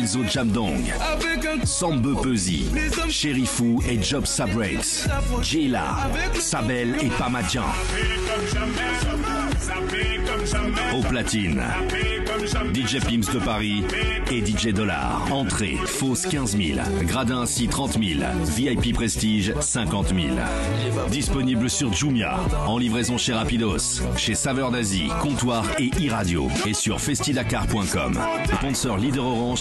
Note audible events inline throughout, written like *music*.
Miles O'Jamdong, Sambe Pesi, Sherifou et Job Sabrates, Jila, Sabel et Pamadjan. DJ Pimps de Paris et DJ Dollar. Entrée, fausse 15 000, gradin assis 30 000, VIP prestige 50 000. Disponible sur Jumia, en livraison chez Rapidos, chez Saveur d'Asie, Comptoir et e et sur festidakar.com. Sponsor leader orange.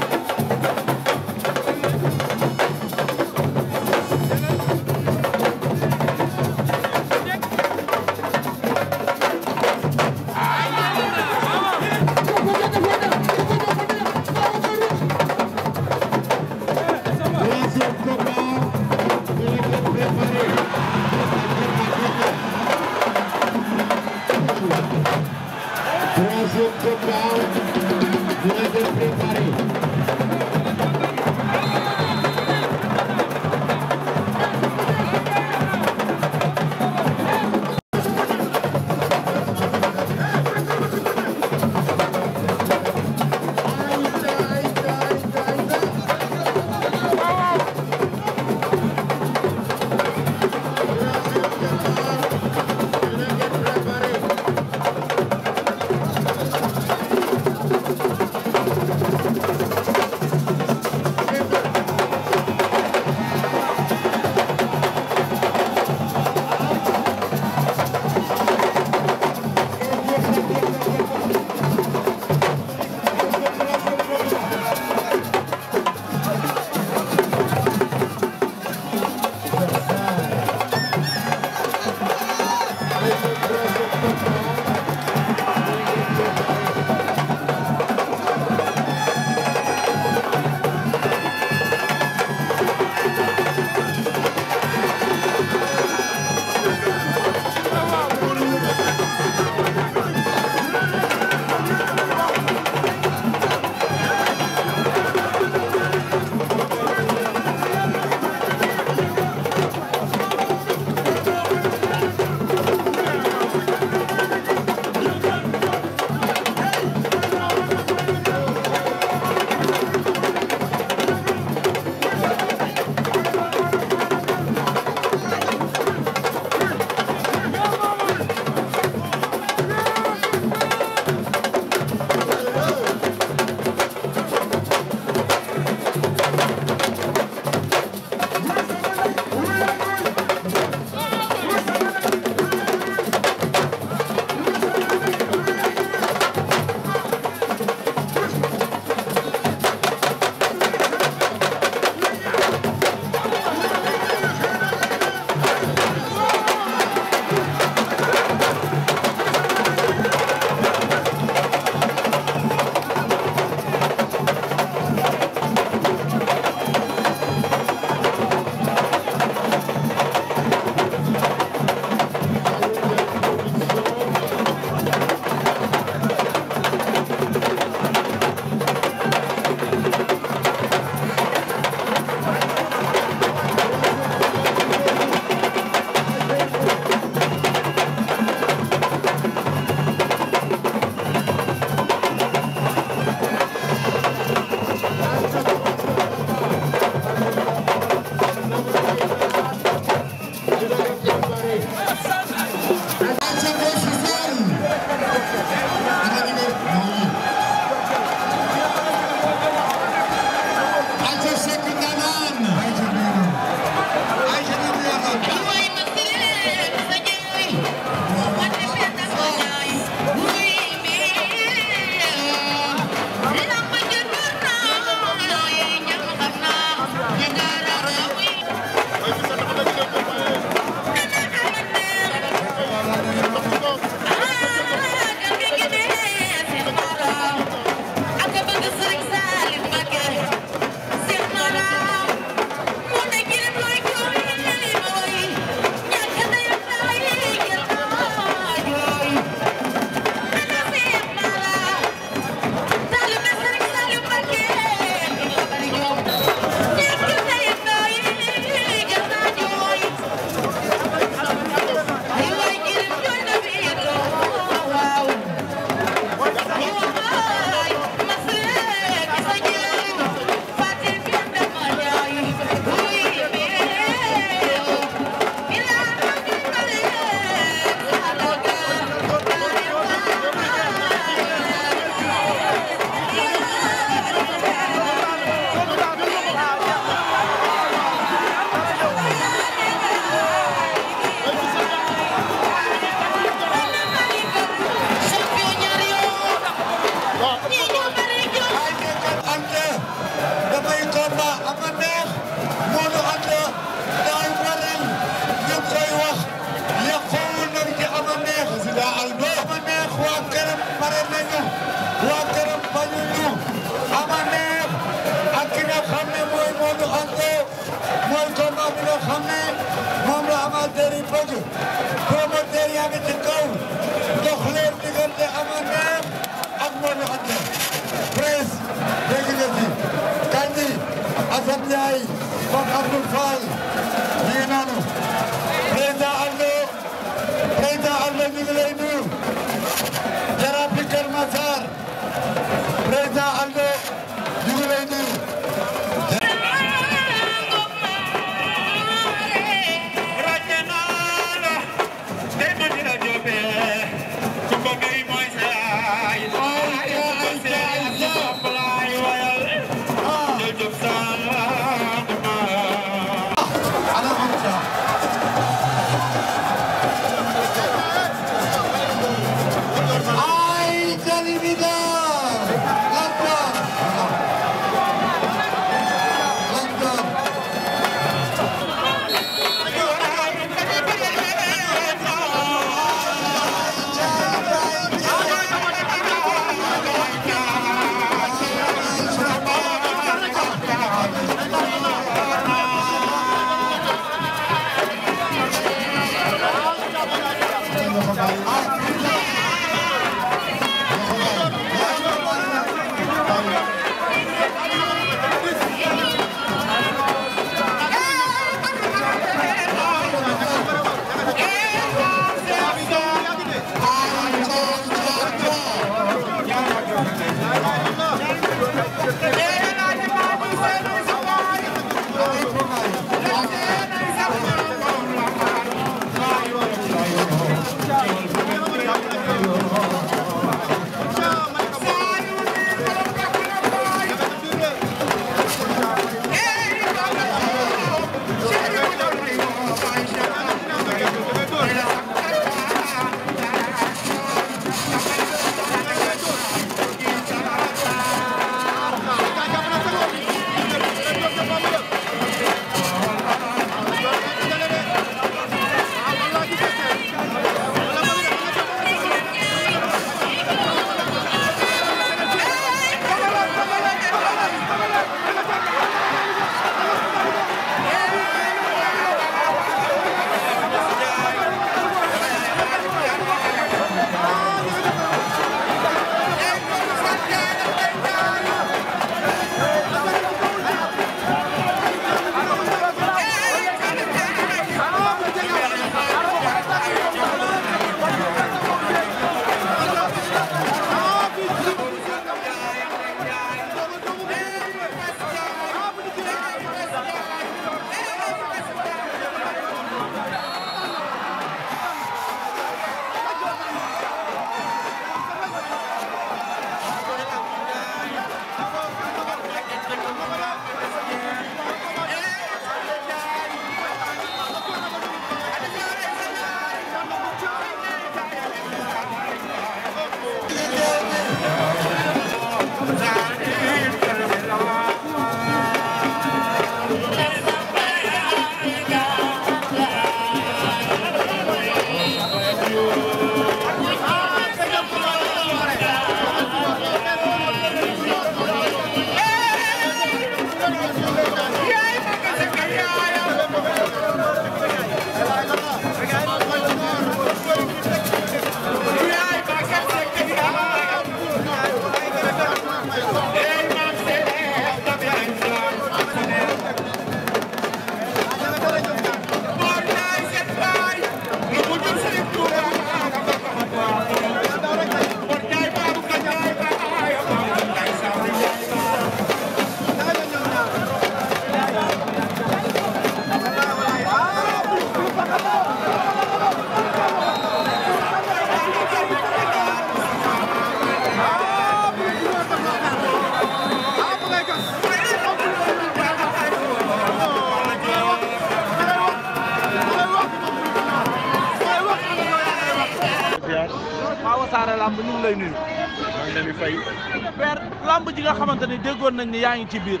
déggoon nañ ni yaa ngi ci biir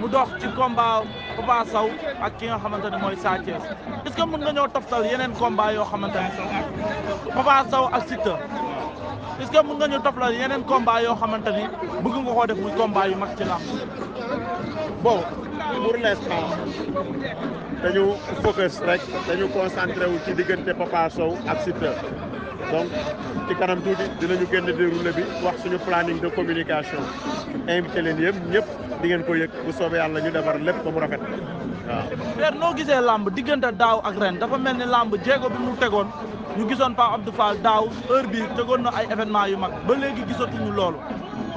mu dox ci combat Papa Sow ak ki nga xamante ne mooy Sa Thiès est-ce que ñoo toftal yeneen combat yoo xamante ne Papa ak Siteu est-ce que ñu toftal yeneen combat yoo xamante ni bëgg koo def muy combat yu mag ci làmb bon pour l'instant dañu focus rek dañu concentré wu ci diggante Papa ak Siteu donc ci kanam tuuti dinañu génn déroulé bi wax suñu planning de communication invité leen yëpp ñëpp di ngeen ko yëg bu soobee yàlla ñu defar lépp ba mu rafet waaw. Père noo gisee làmb diggante daaw ak ren dafa mel ni làmb jéego bi mu tegoon ñu gisoon Pape Abdou Fall daaw heure bii tegoon na ay événement yu mag ba léegi gisatuñu loolu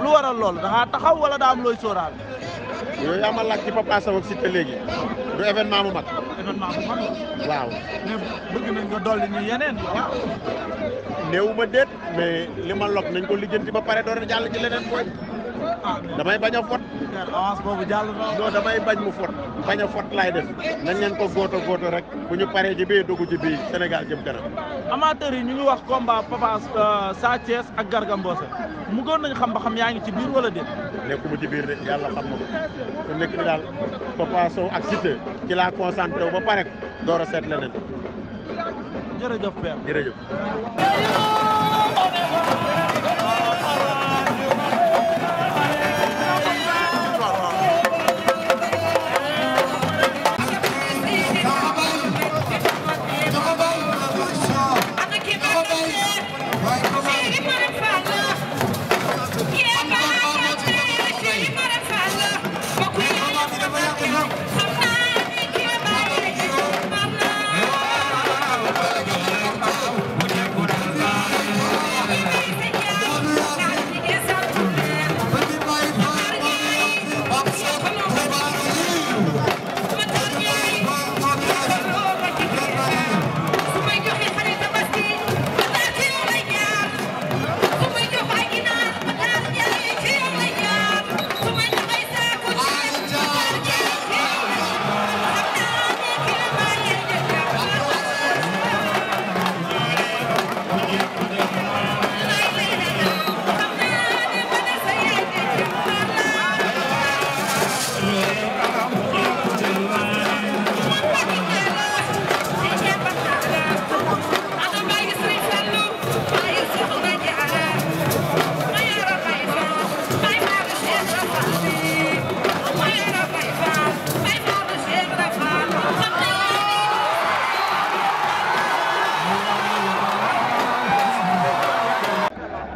lu waral loolu da taxaw wala daa looy sóoraal. yooyu amal laaj ci Papa Sow ak Siteu léegi du événement mu mag. événement bu mag waaw mais bëgg nañ nga dolli ñu yeneen waaw. néew ma mais li ma lok nañ ko lijjanti ba pare doon jàll ci leneen booy. ah damay bañ a fot. boobu jàll na. non damay bañ mu fot. bañ a fot laay def. nañ leen ko góoto góoto rek bu ñu paree jibee bii dugg ji Sénégal jëm kanam. amateurs yi ñu ngi wax komba Papa euh, Sa Thiès ak Garga Mbossé mu gën nañ xam ba xam yaa ngi ci biir wala déet. nekkuma ci biir de yàlla xam na ko su nekk ni daal Papa Sow ak Siteu ci laa concentré wu ba pare door a seet leneen. jërëjëf Père jërëjëf.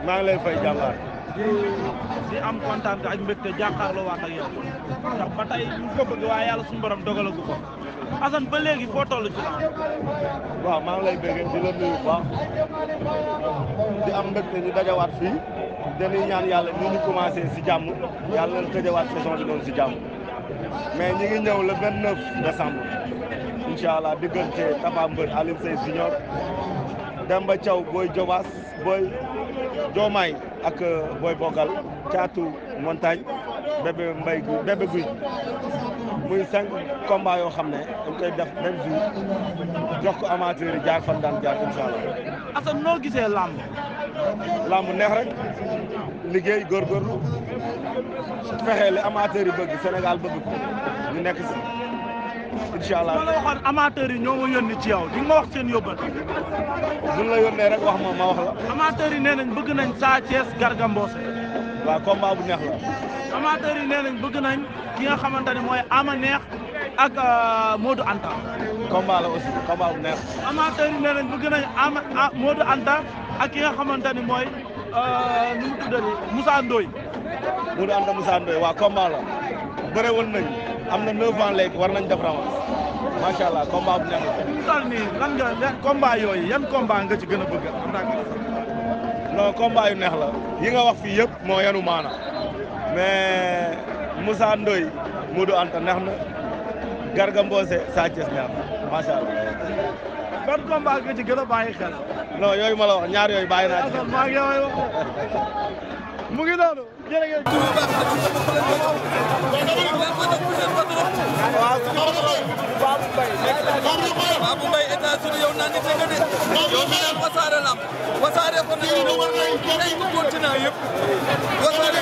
maa ngi lay fay jàmbaar. di am kontaan ak mbégte jàkkaarloo waat ak yow ndax ba tey ñu ko bëgg waaye yàlla suñu borom dogalagu ko Assane ba léegi foo toll ci la waaw maa ngi lay bëggee di la nuyu baax di am mbégte ñu dajawaat fii dañuy ñaan yàlla ni ñu commencé si jàmm yàlla na tëjawaat saison bi doon si jàmm mais ñi ngi ñëw le 29 décembre incha allah diggante Tapha Mbeur Alioune Seye Junior Demba Thiaw Boy Jobaas Boy. Diomaye ak euh, Boy Bogal caatu montagne bébé mbay gu bébé guy muy cinq combat yoo xam ne dañ koy def jox ko amateur yi jaar fan daan jaar incha allah. Assane noo gisee làmb. làmb neex rek liggéey góorgóorlu fexe li bëgg Sénégal bëgg ko nekk si. incha allah ma la waxoon amateurs yi ñoo ma yónni ci yow di nga ma wax seen yóbbal. buñ la yónnee rek wax ma ma wax la. amateurs yi nee nañ bëgg nañ saa Thiès Garga Mbossé. waaw combat bu neex la. amateurs yi bëgg nañ ki nga xamante ne mooy ama neex ak euh, Modou Anta. combat la aussi combat bu neex. amateurs yi bëgg nañ ama ah, Modou Anta ak ki nga xamante ne mooy euh, nu mu tuddati Moussa Ndoye. Modou Anta Moussa Ndoye waaw combat la bëre woon nañ am na 9 ans léegi war nañ def revanche macha allah combat bu neex la. yooyu yan combat nga ci gën a bëgg am naa yu neex la yi nga wax fii yëpp moo yanu maana mais Moussa Ndoye Modou Anta neex na Garga Mbossé Sa Thiès neex na macha allah. ban combat nga ci gën a bàyyi xel. non yooyu mala wax ñaar yooyu bàyyi naa ci. *laughs* mu ngi noonu. Babou Mbaye États-Unis yow naan nit nga de yow mi naan wasaare lamb wasaare ko ne yow tey ko continent yëpp wasaare ko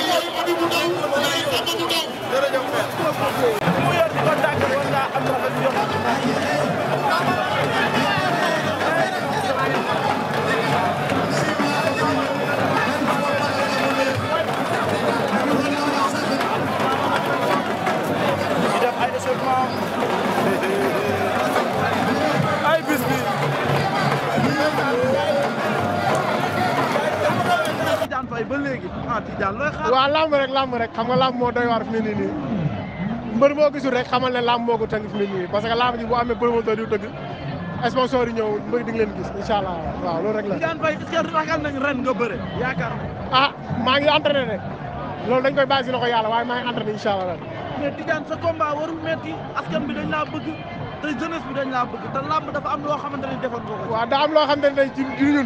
jërëjëf mu yor di ko tàgg woon naa am na léegi. ah Tidiane looy xaar waaw làmb rek làmb rek xam nga làmb moo doy waar fi mu ne nii mbër moo gisul rek xamal ne làmb moo ko tënk fi mu parce que làmb ji bu la. Tidiane Faye est-ce que ragal nañ ren nga bëre ah, maa ngi entraîné rek loolu dañ koy bàyyi si loxo yàlla waaye maa ngi entraîné incha allah mais Tidiane sa combat warul metti askan bi dañ laa bëgg bi dañ laa bëgg te làmb dafa am loo xamante ne defoon nga ko loo xamante ne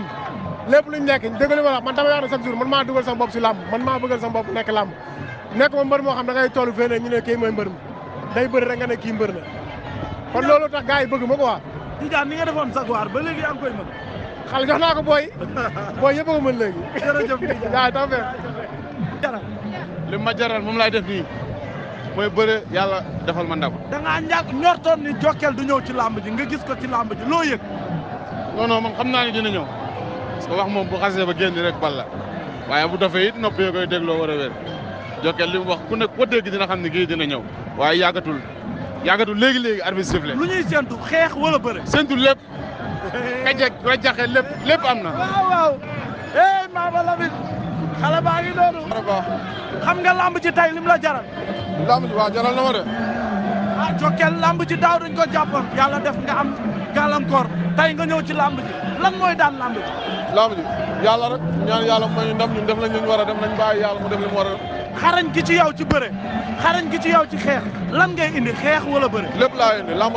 lépp luñ nekk dëgg li ma wax man damay wax ne chaque jour man maa dugal sama bopp si man maa bëggal sama nekk làmb nekk ma mbër moo xam da ngay toll fee ne ñu ne kii mooy mbër mi day bëri rek nga ne kii mbër na kon loolu tax gars yi bëgg ma ko waa Tidiane ni nga defoon sagoir ba léegi yaa ngi koy mën xale jox naa ko booy *laughs* booy yëpp a ko mën léegi jërëjëf yaa fee jaral ma jaral moom laay def nii mooy bëre yàlla defal ma ndam da ngaa ñàkk ñortoon ni Jokal du ñëw ci làmb ji nga gis ko ci làmb ji loo yëg non non man xam naa ne dina ñëw parce que wax moom bu xasee ba génn rek bal la waaye bu dofee it nopp koy dégloo war a wér Jokal li mu wax ku nekk ko dégg dina xam ne kii dina ñëw waaye yàggatul yàggatul léegi léegi arbitre sifflé. lu ñuy séntu xeex wala bëre. séntu lépp kajek rajaxe lépp lépp am na. waaw waaw eh Mama Lamine xale baa ngi noonu. xam nga lamb ji tey lim la jaral. lamb ji waaw jaral na ma de. Ah, lamb ji daaw dañ ko jàppoon yàlla def nga am gàllankoor tey nga ñëw ci lamb ji. lan mooy daan lamb ji. lamb ji yàlla rek ñaan yàlla may ñu ndam ñun def lañ li ñu war a def nañ bàyyi yàlla mu def li mu war a xarañ gi ci yow ci bëre xarañ gi ci yow ci xeex lan ngay indi xeex wala bëre. lépp laa indi lamb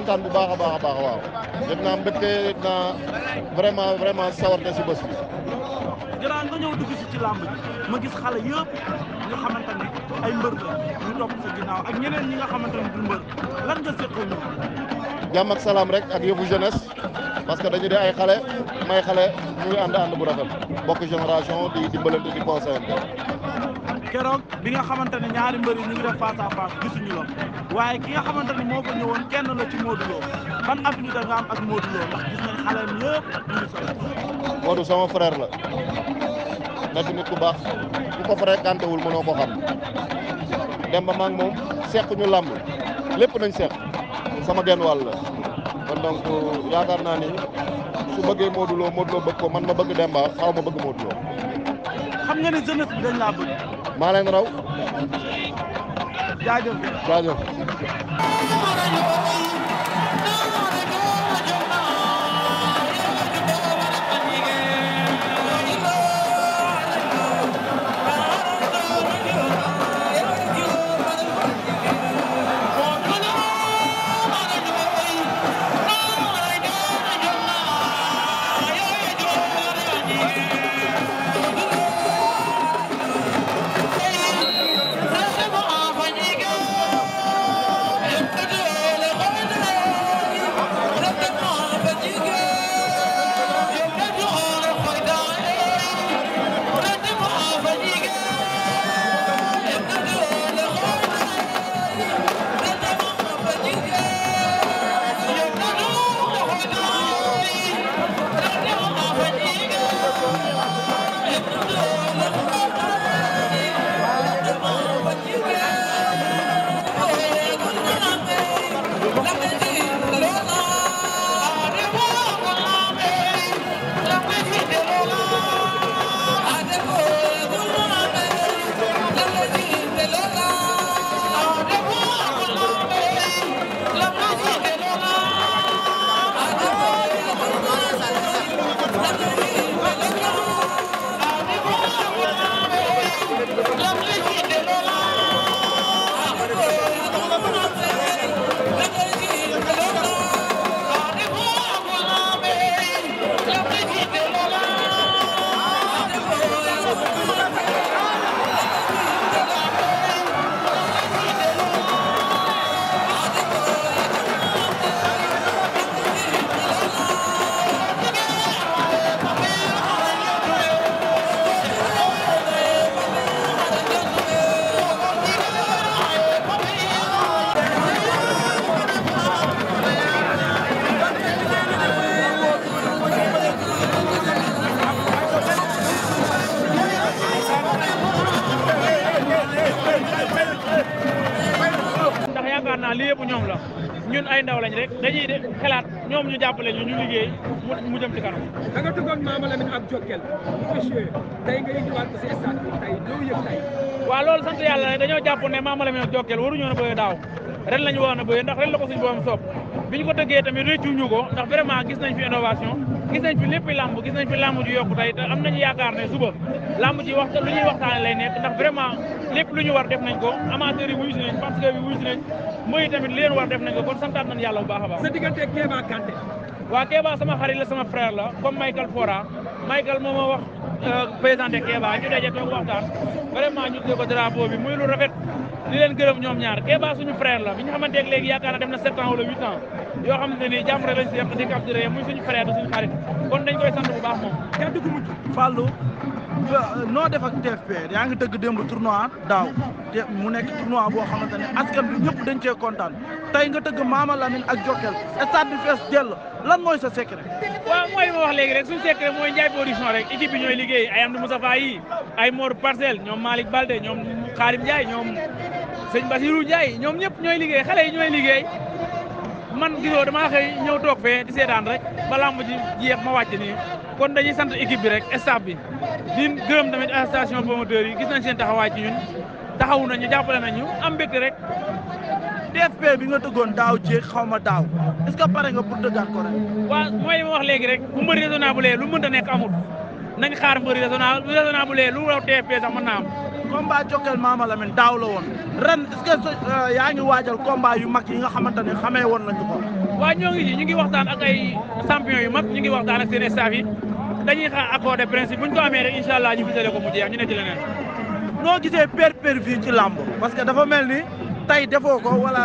kontaan bu baax a baax a baax waaw yëg naa mbégte vraiment vraiment sawarte si bés bi. nga ñëw dugg si ci làmb ma gis xale yëpp nga xamante ay mbër la nga xamante ne du mbër lan salaam rek ak yëfu jeunesse parce que dañu di ay xale may xale ñu ngi ànd ànd bu rafet bokk génération di dimbalante di conseillante. keroog bi nga xamante ne ñaari mbër yi ñu ngi def face à gisuñu la waaye ki nga xamante moo ko ñëwoon kenn la ci Modou Lo ban affinité nga am ak Modou Lo ndax gis nañ xale yëpp ñu ngi solo. sama frère la nekk nit ku baax ku ko fréquenté wul mënoo ko xam dem ba maag moom seq ñu làmb lépp nañ seq sama genn wàll la kon donc yaakaar naa ni su bëggee Modou Lo Modou Lo bëgg ko man ma bëgg dembaa xaw ma bëgg Modou xam nga ni jeunesse bi dañ laa maa leen raw jaajëf jaajëf ñu jàppale ñu ñu liggéey mu jëm ci kanam. da nga tëggoon Mama Lamine ak Jokal mu échoué tey nga yënguwaat ko si stade bi tey loo yëg tey. waaw loolu sant yàlla dañoo jàpp ne Mama Lamine ak Jokal waruñu woon a bëyee daaw ren la ñu woon a bëyee ndax ren la ko suñu boom soob bi ñu ko tëggee tamit réccuñu ko ndax vraiment gis nañ fi innovation gis nañ fi lépp làmb gis nañ fi làmb ju yokku tey te am nañu yaakaar ne suba làmb ji waxta lu ñuy waxtaane lay nekk ndax vraiment lépp lu ñu war def nañ ko amateurs yi wuyu si nañ parce que bi wuyu si nañ mooy tamit li leen def nañ kon santaat nañ yàlla bu baax a sama xarit la sama frère la comme Michael Fora Michael moo ma wax euh, présenté Kéba ñu daje toog waxtaan vraiment ñu tuddee ko drapeau bi muy lu rafet di leen ñoom ñaar Kéba suñu frère la bi ñu léegi yaakaar na dem na 7 ans wala 8 ans yoo xam ne nii jàmm rek lañ si def di capturé muy suñu frère la suñu xarit kon dañ koy sant bu baax moom. kenn du mujj Fallou. noo def ak TFP yaa ngi tëgg démb tournoi daaw te mu nekk tournoi boo xamante ne askan bi ñëpp dañ cee kontaan tey nga tëgg Maama Lamine ak Jokal stade bi fees dell lan mooy sa secret. waaw mooy ma wax léegi rek suñu secret mooy Ndiaye production rek équipe bi ñooy liggéey ay Amdi Moustapha yi ay Mor Parcelle ñoom Malick Balde ñoom Xaarim Ndiaye ñoom sëñ Basirou Ndiaye ñoom ñëpp ñooy liggéey xale yi ñooy liggéey. man gisoo damaa xëy ñëw toog fee di seetaan rek ba lamb ji jeex ma wàcc kon dañuy sant équipe bi rek staff bi di gërëm tamit association promoteurs yi gis nañ seen taxawaay ci ñun taxawu nañu jàppale nañu am mbégte rek. DFP bi nga tëggoon daaw jéeg xaw ma daaw est-ce que pare nga pour tëggaat ko rek. waaw mooy ma wax léegi rek bu mbëri raisonnable lu mënta nekk amul nañ xaar mbëri raisonnable raisonnable lu raw DFP sax mën naa am. combat Jokal Mama Lamine daaw la woon ren est-ce euh, yaa ngi waajal combat yu mag yi nga xamante ne xamee woon na ko. waaw ñoo ñu ngi waxtaan ak ay champion yu ñu ngi waxtaan ak seen staff dañuy xaar accord de principe bu ñu ko amee rek incha allah ñu fisale ko mu jeex ñu ne ci leneen. noo gisee per per view ci làmb parce que dafa mel ni tey defoo ko wala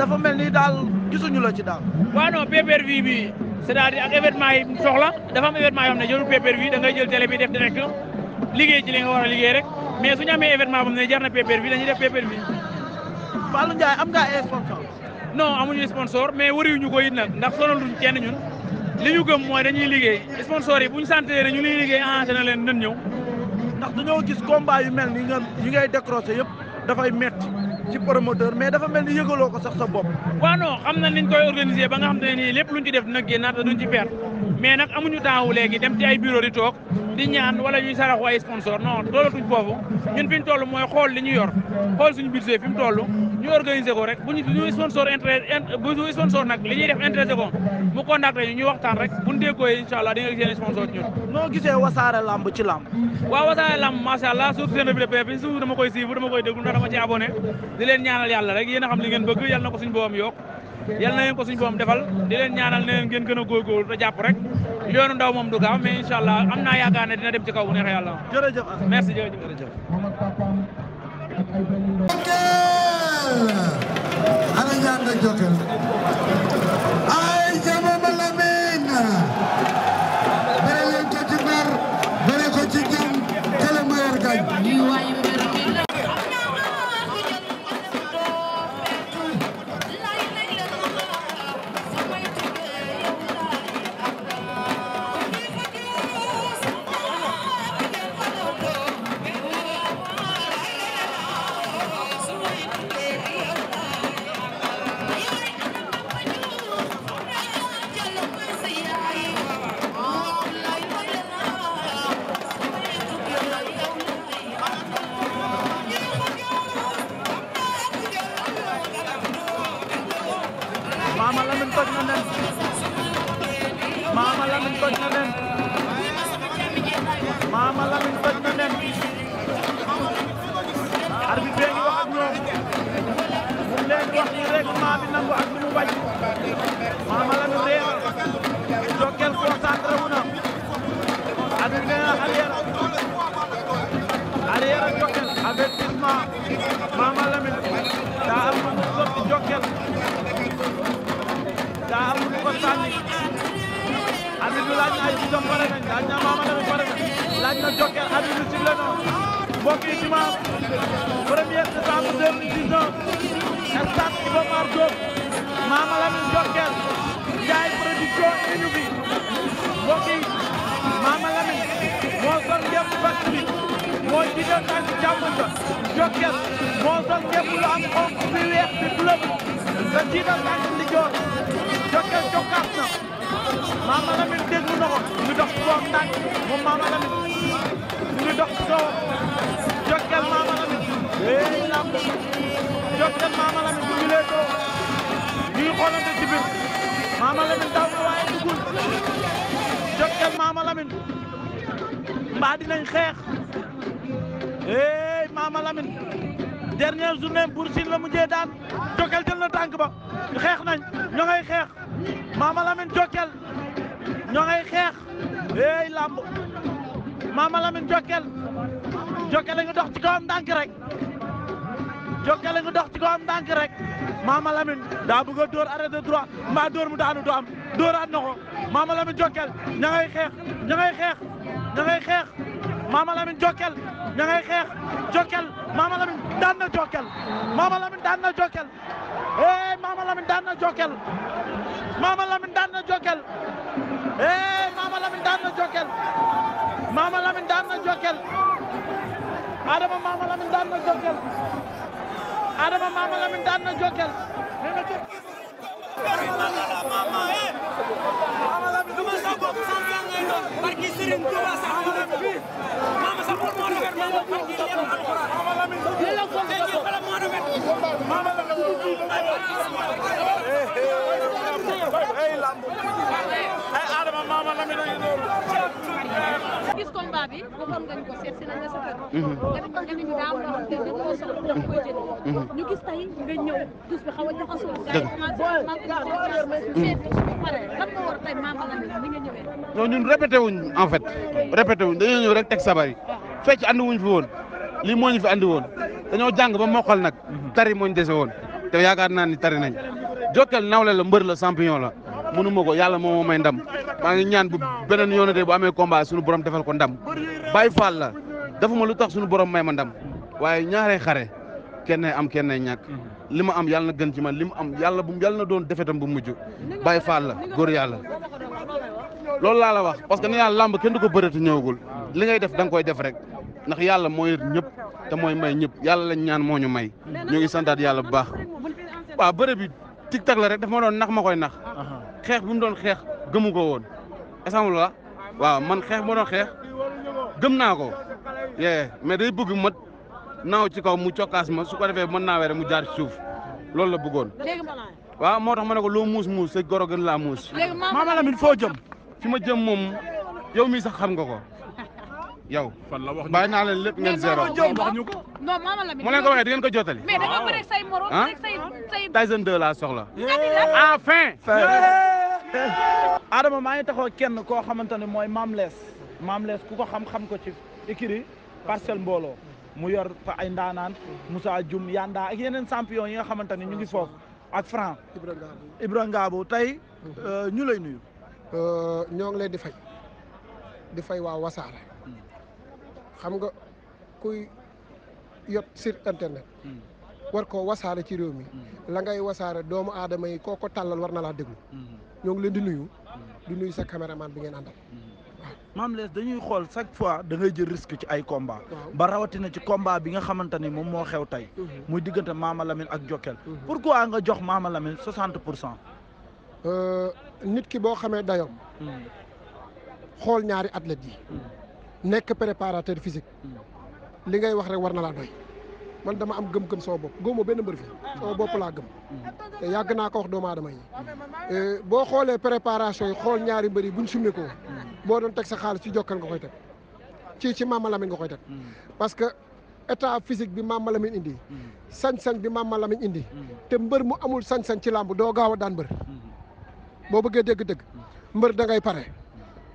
dafa mel ni daal gisuñu la ci daal. waaw non per per bi c'est-à-dire ak événement yi soxla dafa am événement yoo xam ne jëlul per per view ngay jël télé bi def direct liggéey ci li nga war a liggéey rek mais suñu amee événement boobu ne jar na per per view dañuy def per per view. Fallou Ndiaye am ngaa sponsor. non amuñu sponsor mais wariwuñu ko it nag ndax sonaluñ kenn li ñu gëm mooy dañuy liggéey sponsor yi bu ñu santé ne ñu ngi liggéey arrangé na leen dinañ ñëw. ndax dañoo gis combat yu mel ni nga yi ngay décroché yëpp dafay metti ci promoteur mais dafa mel ni yëgaloo ko sax sa bopp. waaw non xam na niñ koy organisé ba nga xam te ne nii lépp luñ ci def dina génn naata duñ ci perte mais nag amuñu temps wu léegi dem ci ay bureau di toog di ñaan wala ñuy saraxu ay sponsor non tollatuñ foofu ñun fi ñu toll mooy xool li ñu yor xool suñu budget fi mu toll. ñu organiser ko rek bu ñu ñu sponsor intérêt bu ñu sponsor nag li ñuy def intéressé ko mu contacté ñu ñu waxtaan rek bu ñu déggoo incha allah di nga gisee sponsor ci ñun. noo gisee wasaare lamb ci lamb. waaw wasaare lamb macha allah surtout seen revue de presse bi surtout dama koy suivre dama koy déglu ndax dama ci abonné di leen ñaanal yàlla rek yéen a xam li na ko suñu boobam yokk yàlla na leen ko suñu boobam defal di leen ñaanal ne leen ngeen gën a góorgóorlu te jàpp rek allah am naa yaakaar ne ana ñaan nga jokkeel faj na nen Mama Lamine faj na nen arbitre bee ngi wax ak ñoom mu leen wax ni rek maa bi nangu ak lu mu bañ Mama Lamine réer Jokkel concentré wu na arbitre nee na arrière arrière ak Jokkel avertissement Mama Lamine daa am lu mu soppi Jokkel daa am lu mu ko sànni arbitre bi laaj na ay siisam pare nañ laaj premier décembre 2019 stade Iba Mar Diop Mama Lamine Jokel Ndiaye production indi fi mbokk yi Mama Lamine moo sol ngépp bàtt bi moo jiite tànk jàmm ja am xonk weex bi bleu bi nga jiite tànk ndijoor na Mama Lamine déglu na ko mu ngi dox moom Mama Lamine mu ngi dox ci kaw Jokal Mama Lamine léegi làmb Jokal Mama Lamine mu ngi dugul Jokal Mama Lamine mbaa dinañ xeex hey Mama Lamine dernière journée Bour Sine la mujjee daan Jokal na tànk ba xeex nañ ñoo xeex Mama Lamine Jokal ñoo ngay xeex éey làmb Mama Jokkel Jokkel a ci kawam ndànk rek Jokkel ci kawam ndànk rek Mama Lamine daa bëgg a dóor arrêté droit mbaa dóor mu daanu du am dóoraat na Jokkel ña xeex ña xeex ña Jokkel ña xeex Jokkel Mama daan na Jokkel Mama Lamine daan na Jokkel Mama Lamine daan na Jokal eh Mama Lamine daan na Jokal Mama Lamine daan na Jokal Adama Mama Lamine daan na Jokal Adama Mama Lamine daan na Jokal Mama Lamine gis combat mhm. ñu ko mhm. répété wuñ en fait répété wuñ dañoo rek teg sabar yi fecc andi wuñ fi woon lii moo ñu fi andi woon dañoo jàng ba mokkal nag mhm. tari mooñ ñu dese woon te yaakaar naa ni tari nañ jokkal nawle la mbër la champion la. mënu ma ko yàlla moo may ndam maa ngi ñaan bu beneen yoonatee bu amee combat suñu borom defal ko ndam Baye Fall la dafa ma lu tax suñu borom may ma ndam waaye ñaaree xare kenn am kenn ñàkk li ma am yàlla na gën ci man li mu am yàlla bu yàlla na doon defetam bu mujj Baye Fall la góor yàlla loolu laa la wax parce que ne yàlla làmb kenn du ko bërëtu ñëwagul li ngay def da koy def rek ndax yàlla mooy ñëpp te mooy may ñëpp yàlla lañ ñaan moo ñu may ñu yàlla bu baax tik tak la rek daf ma doon nax ma koy nax. Ah. xeex bi mu doon xeex gëmu ko woon. exemple waaw man xeex bi ma doon xeex gëm naa ko. yee mais day bëgg ma naaw ci kaw mu cokkaas ma su ko defee mën naa rek mu jaar ci suuf loolu la bëggoon. waaw moo tax ma ne ko loo muus muus sa goro gën laa muus. Mama Lamine foo jëm. fi ma jëm moom yow mii sax xam nga ko. yow fan la wax bàyyi naa leen lépp ngeen zéro wax ñu ko non maama la mu leen ko waxee di ngeen ko jottali mais da nga bëre say morom ah? rek say say Tyson 2 laa soxla enfin ah, Adama maa ngi taxaw kenn koo xamante ne mooy Mame Less Mame Less ku ko xam-xam ko ci écurie Parcelles mbooloo mu yor fa ay ndaanaan Moussa Dioum Yanda ak yeneen champion yi nga xamante ne ñu ngi foofu ak Franc Ibra Ngabou tey mm-hmm. euh, ñu lay nuyu euh, ñoo ngi leen di fay di fay waa Wassare xam nga kuy yot sur internet hmm. war koo wasaare ci réew mi hmm. la ngay wasaare doomu aadama yi koo ko tàllal war na laa déglu hmm. ñoo ngi leen di nuyu di nuyu sa caméraman bi ngeen àndal Mame Less dañuy xool chaque fois da ngay jël risque ci ay combat ba rawatina ci combat bi nga xamante ni moom moo xew tey muy diggante Mama Lamine ak Jokkel pourquoi nga jox maamalamil Lamine pour cent euh, nit ki boo xamee dayom xool ñaari athlètes yi nekk préparateur physique hmm. li ngay wax rek war na laa doy man dama am gëm-gëm soo bopp gëmuma benn mbër fi sama bopp laa gëm hmm. te yàgg naa ko wax doomu aadama yi eh, boo xoolee préparation yi xool ñaari mbër yi buñ summi hmm. boo doon teg sa xaalis ci jokkal nga koy teg ci ci Mama Lamine nga koy teg parce que état physique bi maam Mama Lamine indi sañ-sañ bi maam Mama Lamine indi te mbër mu amul sañ-sañ ci làmb doo gaawa a daan mbër boo bëggee dégg-dégg mbër da pare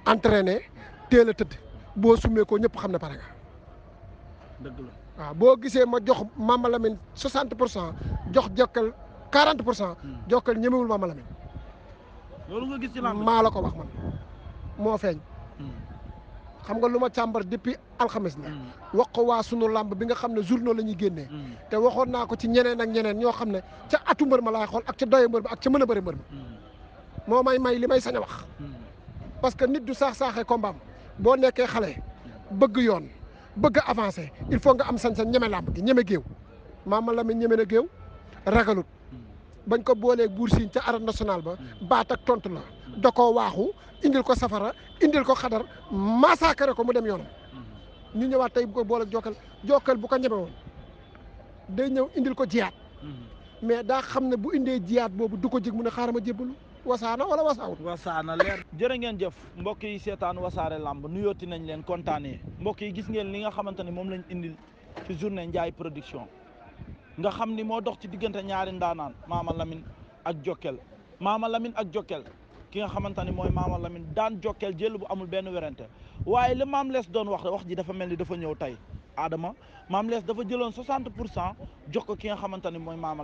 entraîner teel a tëdd boo sumee ko ñëpp xam ne pare nga. dëgg waaw boo gisee ma jox Mama Lamine pour cent jox Jokkal quarante pour cent. Hmm. Jokkal ñemewul Mama Lamine. loolu nga gis ci lamb la ko wax man moo feeñ. Hmm. xam nga lu ma càmbar depuis alxames la. Hmm. wax ko waa sunu lamb bi nga xam ne journaux la ñuy génne te waxoon naa ko ci ñeneen ak ñeneen ñoo xam ne ca atu mbër ma laa xool ak ca doye mbër ma ak ca mën a bëri mbër ma. moo may may li may sañ a wax. parce que nit du saax saaxee ko am boo nekkee xale bëgg yoon bëgg avancé il faut nga am sañ-sañ ñeme làmb gi ñeme géew Mama Lamine ñeme na géew ragalut bañ ko boolee buur siin ca arène nationale ba baat tontu la da koo waaxu indil ko safara indil ko xadar massacré ko mu dem yoonam ñu ñëwaat tey bu ko boole jokkal jokkal bu ko ñeme woon day ñëw indil ko jiyaat mm-hmm. mais daa xam ne bu indee jiyaat boobu du ko jig mu ne xaaral ma jébbalu wasaana wala wasaawut wasaana leer jërë ngeen jëf mbokk yi seetaan wasaare lamb nuyooti nañ leen kontaanee mbokk yi gis ngeen li nga xamante ne moom lañ indil ci journée Ndiaye production nga xam ni moo dox ci diggante ñaari ndaanaan Maama Lamine ak maam a lamin ak Jokkel ki nga xamante ne mooy Maama Lamine daan Jokkel jël bu amul benn werante waaye li Maam Lees doon wax wax ji dafa mel ni dafa ñëw tey Adama Maam Lees dafa jëloon 60 pour cent jox ki nga xamante ne mooy Maama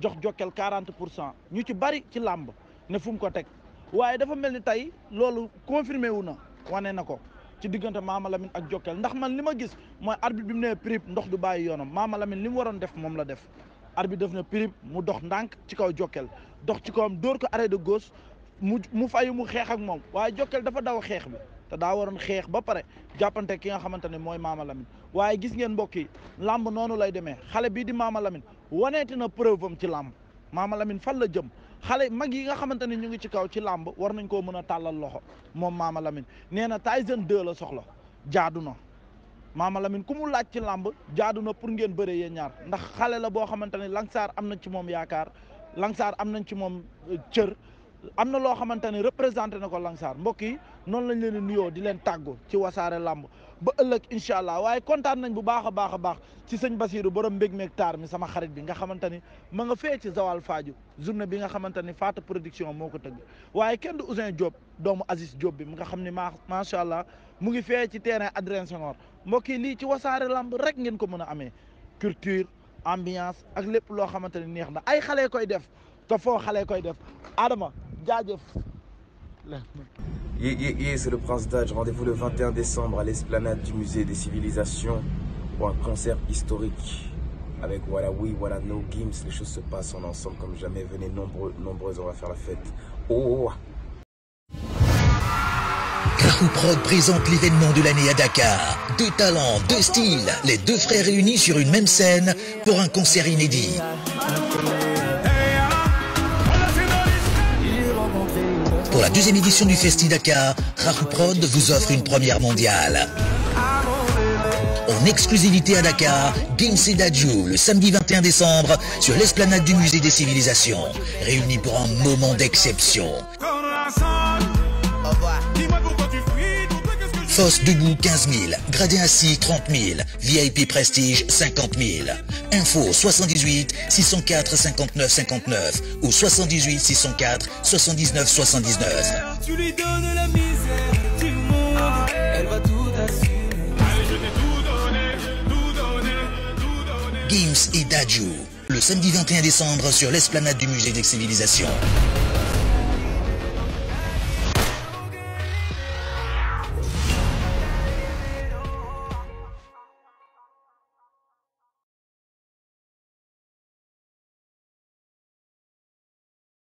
jox Jokkel 40 pour cent ñu ci bari ci làmb ne fu mu ko teg waaye dafa mel ni tey loolu confirmé wu na wanee na ko ci diggante Maama Lamine ak Jokal ndax man li ma gis mooy arbitre bi mu nee prip ndox du bàyyi yoonam Maama Lamine li mu waroon def moom la def arbitre def na prip mu dox ndànk ci kaw Jokal dox ci kawam dóor ko arrêt de gauche mu mu fayu mu xeex ak moom waaye Jokal dafa daw xeex bi te daa waroon xeex ba pare jàppante ki nga xamante ne mooy Maama Lamine waaye gis ngeen mbokk yi làmb noonu lay demee xale bii di Maama na preuve am ci làmb Maama fan la jëm xale mag yi nga xamante ne ñu ngi ci kaw ci làmb war nañ koo mën a tàllal loxo moom Mama Lamine nee na jeune 2 la soxla jaadu na Mama Lamine ku laaj ci làmb jaadu na pour ngeen bëree yéen ñaar ndax xale la boo xamante ne Langsar am na ci moom yaakaar Langsar am nañ ci moom euh, cër am na loo xamante ne représenté na ko Langsar mbokk yi noonu lañ leen di nuyoo di leen tàggu ci wasaare làmb ba ëllëg incha allah waaye kontaan nañ bu baax a baax a baax ci sëñ Basiru borom mbég meeg taar mi sama xarit bi nga xamante ni ma nga fee ci Zawal Fadiouth journée bi nga xamante ni Faata production moo ko tëgg waaye kenn du Ousin Diop doomu Aziz Diop bi mu nga xam ni ma macha allah mu ngi fee ci terrain Adrien Senghor mbokk yi lii ci wasaare lamb rek ngeen ko mën a amee culture ambiance ak lépp loo xamante ni neex na ay xale koy def te foo xale koy def Adama jaajëf. c'est le Prince d'Age. Rendez-vous le 21 décembre à l'esplanade du Musée des Civilisations pour un concert historique avec Voilà Oui, Voilà No Gims. Les choses se passent en ensemble comme jamais. Venez nombreux, nombreuses, faire la fête. Oh, oh, oh. Prod présente l'événement de l'année à Dakar. Deux talents, deux styles, les deux frères réunis sur une même scène pour un concert inédit. la deuxième édition du Festi Dakar, Rahu Prod vous offre une première mondiale. En exclusivité à Dakar, Gims et Dadju, le samedi décembre, sur l'esplanade du Musée des Civilisations, réunis pour un moment d'exception. Fosse de goût 15 000 Gradin assis VIP Prestige 50 000 Info 78 604 59 59 ou 78 604 79 79 Tu lui donnes la misère du monde Elle va tout assumer Gims et Dadju le samedi 21 décembre sur l'esplanade du musée des civilisations